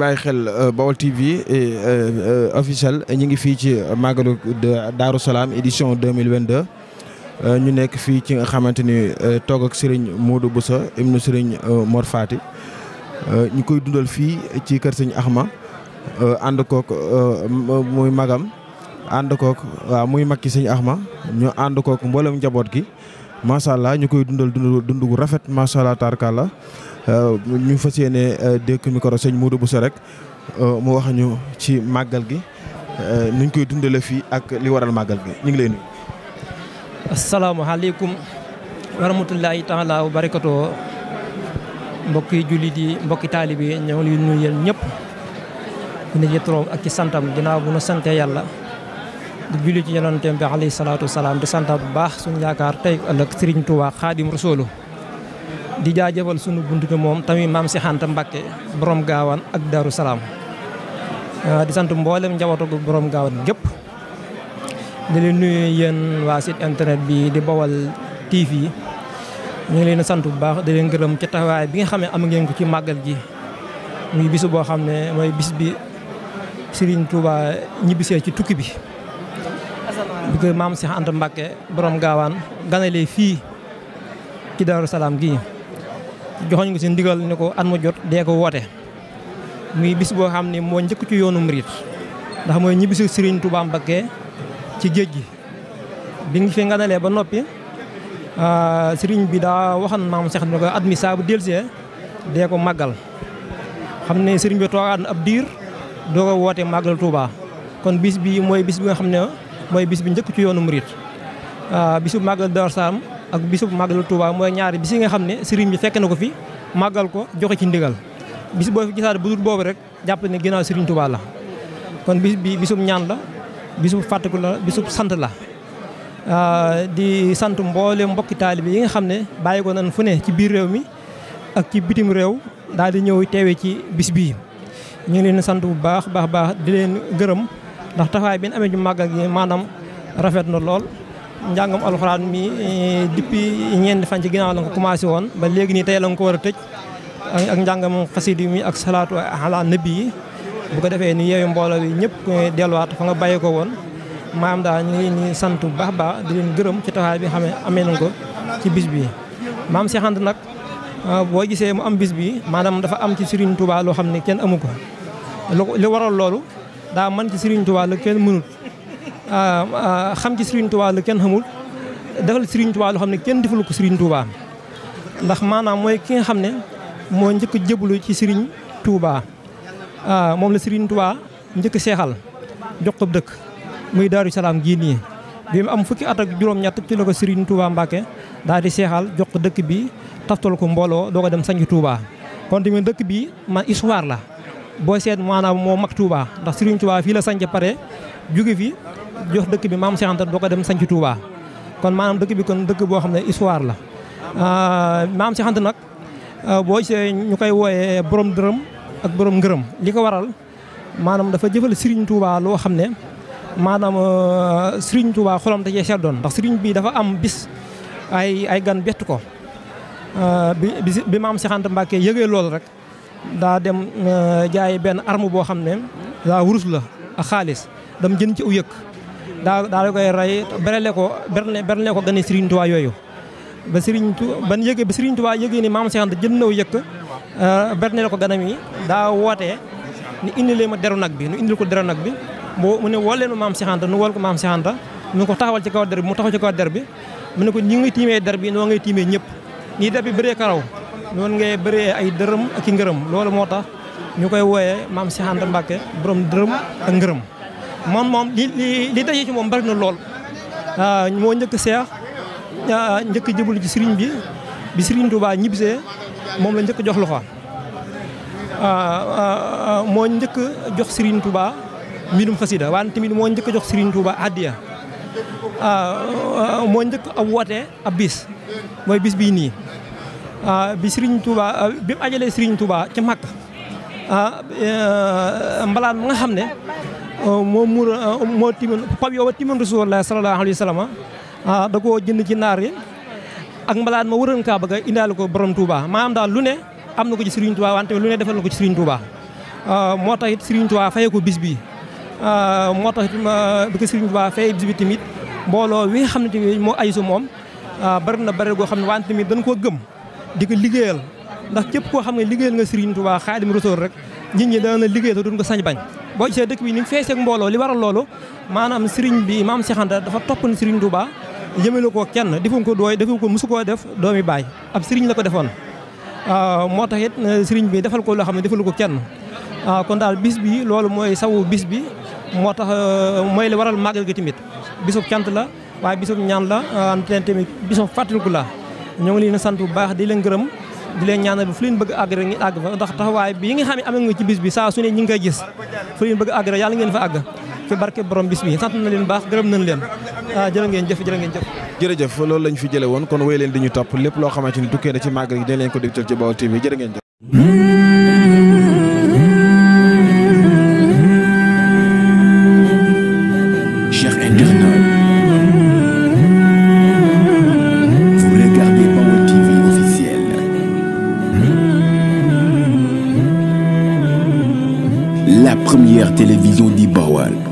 bàyyi xel euh, Baol TV euh, euh, officiel ñu ngi fii ci Magalu Daaru Salaam édition 2022 ñu nekk fii ci nga xamante ni toog ak Serigne Modou Boussa ibnu ñu koy dundal fii ci kër Serigne Axma ànd kook muy magam ànd kook waaw muy mag ki Serigne Axma ñu ànd kook mboolem njaboot gi macha allah ñu koy dundal dund dund gu rafet macha allah tarkalla euh, ñu fas yéene euh, dékk micro sëñ Modou Bousso rek euh, mu wax ñu ci màggal gi nuñ koy dundale fii ak li waral màggal gi ñu ngi lay nuyu. asalaamaaleykum wa rahmatullahi taala wa barakatoo mbokki jullit yi mbokki taalibe ñoo ngi nuyu yéen ñëpp. ñu ngi ci turam ak ci santam ginnaaw bu ñu sante yàlla. di julli ci yonanteem bi alayhi salatu wassalam di santa bu baax suñu yaakaar tay ak Serigne Touba khadim Rasulu di jaajeewal sunu buntu ci mom tammi mam si xanta Mbàkke borom gawan ak daru salam ah, di sant mboolem njabootu borom gawan gep di leen nuyu yeen wa site internet bi di bawal TV ñu ngi leen sant bu baax di leen gërëm ci taxawaay bi nga xam am ngeen ko ci magal gi muy bisu bo xam moy bis bi Serigne Touba ñibbisee ci tukki bi. Mam ko maam Cheikh Anta Mbacké borom gaawaan ganalee fii ci Daaru Salaam gii joxoñ ko si ndigal ni ko at mu jot dee ko woote muy bis boo xam ne moo njëkk ci yoonu murit ndax mooy ñibbisu Serigne Touba Mbacké ci géej gi bi ngi fi nganalee ba noppi ah, Serigne bi daa waxan maam Cheikh ni ko at mi delsee dee ko màggal xam ne bi toogaat ab diir doo ko woote màggal kon bis bi mooy bis bi nga xam ne mooy bis bi njëkk ci yoonu murit ah, bisub màggal Daaru Salaam ak bis bisub màggal Touba mooy ñaari bis yi nga xam ne sëriñ bi fekk na ko fi màggal ko joxe ci ndigal bis boo fi gisaat bu dul boobu rek jàpp ne ginnaaw sëriñ Touba la kon bis bi bisub ñaan la bisub fàttiku la bisub sant la ah, di sant mboole mbokki taalibe yi nga xam ne bàyyi ko nan fu ne ci biir réew mi ak ci bitim réew daal di ñëw teewee ci bis bii ñu ngi leen sant bu baax baax baax di leen gërëm ndax taxaway bi amé ju ñu màggal gi rafet na lol njàngam alcorane mi eh, depuis ñen fan ci ginaaw la ko commencé won ba légui ni tay la ko wara a ak njàngam xasid mi ak salatu ala nabi bu ko defee ni yeewi mbooloo bi ñëpp eh, delluwaat fa nga bàyyi ko maam da ñi ni santu bax ba di leen gëreum ci taxaway bi xamé amé nañ ko ci bis bi maam Cheikh Anta nak eh, bo gisé mu am bis bi manam dafa am ci Serigne Touba lo xamné ne kenn amu ko waral loolu daa man ci Serigne Touba la kenn mënul xam ci Serigne Touba la kenn xamul defal Serigne Touba loo xam ne kenn defal ko Serigne Touba ndax maanaam mooy ki nga xam ne moo njëkk jëblu ci Serigne Touba moom la Serigne Touba njëkk a seexal jox ko dëkk muy Daru Salaam gii nii bi mu am fukki at ak juróom-ñett ci la ko Serigne Touba Mbacke di seexal jox dëkk bi taftal ko mbooloo doo ko dem sañc Touba kon tamit dëkk bi ma histoire la. boo seet maanaam moo mag Touba ndax Serigne Touba fii la sanc pare jóge fi jox dëkk bi maam Cheikh doo ko dem sanc Touba kon maanaam dëkk bi kon dëkk boo xam ne histoire la euh, maam Cheikh nag euh, boo gisee ñu koy wooyee borom dërëm ak borom ngërëm li ko waral maanaam dafa jëfal Serigne tuubaa loo xam ne maanaam euh, Serigne Touba xolam da ser doon ndax Serigne bii dafa am bis ay ay gan bett ko bi bi maam Cheikh Anta Mbacke yëgee loolu rek. daa dem euh, jaayi benn arme boo xam ne daa wurus la a xaalis dam jën ci u yëkk daa daa koy rey berale ko berale ko gane Serigne Touba yooyu ba Serigne Touba ban yëgee ba Serigne Touba yëgee ni maam Cheikh Anta jënd na wu yëkk euh, berale ko ganam yi daa wootee ni indilee ma deru nag bi nu indil ko deru nag bi boo mu ne woo leenu maam Cheikh Anta nu wol ko maam Cheikh Anta mu ko taxawal ci kaw der bi mu taxaw ci kaw der bi mu ne ko ñi ngi tiimee der bi noo ngay tiimee ñëpp nii der bi bëree karaw noonu ngay bëree ay dërëm ak i ngërëm loolu moo tax ñu koy wooyee maam Cheikh Anta Mbacke borom dërëm ak ngërëm moom moom li li li daje ci moom bari na lool. Ah, moo njëkk seex ah, njëkk jëbul ci sëriñ bi bi sëriñ Touba ñibbisee moom la njëkk jox loxo ah, moo njëkk jox sëriñ Touba mbindum xasida waan moo njëkk jox sëriñ Touba addiya moo njëkk ab woote ab bis mooy bis bii nii. Ah, bi Serigne Touba ah, bi mu ajalee Serigne Touba ci mag ah, eh, mbalaat ma nga xam ne moo muur moo timan pab yow a timan Rasulullah sallallahu alayhi wa sallam da koo jënd ci yi ak mbalaan ma wëran kaa a indaale ko borom Touba maanaam daal lu ne am na ko ci Serigne Touba wante lu ne defal na ko ci Serigne Touba moo tax it Serigne Touba faye ko bis bi moo tax it bi ko Serigne Touba faye bis bi tamit mbooloo wi xam ne tamit moo ayisu moom bari na bari goo xam ne wante tamit dañ koo gëm di ko liggéeyal ndax képp koo xam ne liggéeyal nga Serigne Touba Xaadim Rasuul rek nit ñi dana liggéeyal te duñ ko sañ bañ boo gisee dëkk bi ni mu feeseeg mbooloo li waral loolu maanaam Serigne bi maam Cheikh Anta dafa toppoon Serigne Touba yëmale ko kenn defuñ ko dooy defuñ ko mosu koo def doomi baay ab Serigne la ko defoon moo tax it euh, Serigne bi defal ko loo xam ne defalu ko kenn kon daal bis bi loolu mooy sawu bis bi moo tax euh, mooy li waral màggal gi tamit bisub cant la waaye bisub ñaan la euh, te tamit bisub fàttaliku la ñoo ngi leen sant bu baax di leen gërëm di leen ñaanal bi fu leen bëgg àgg rek ngi àgg fa ndax taxawaay bi nga xam ne amee nga ci bis bi saa su ne ñi ngi koy gis fu leen bëgg àgg yàlla ngeen fa àgg fi barke borom bis bi sant na leen baax gërëm nañ leen ah jërë ngeen jëf jërë ngeen jëf loolu lañ fi jële woon kon wéy leen di ñu topp lépp loo xamante ni tukkee na ci màggal gi leen ko dégtal ci Baol TV jërë ngeen jëf la première télévision d'Ibawal.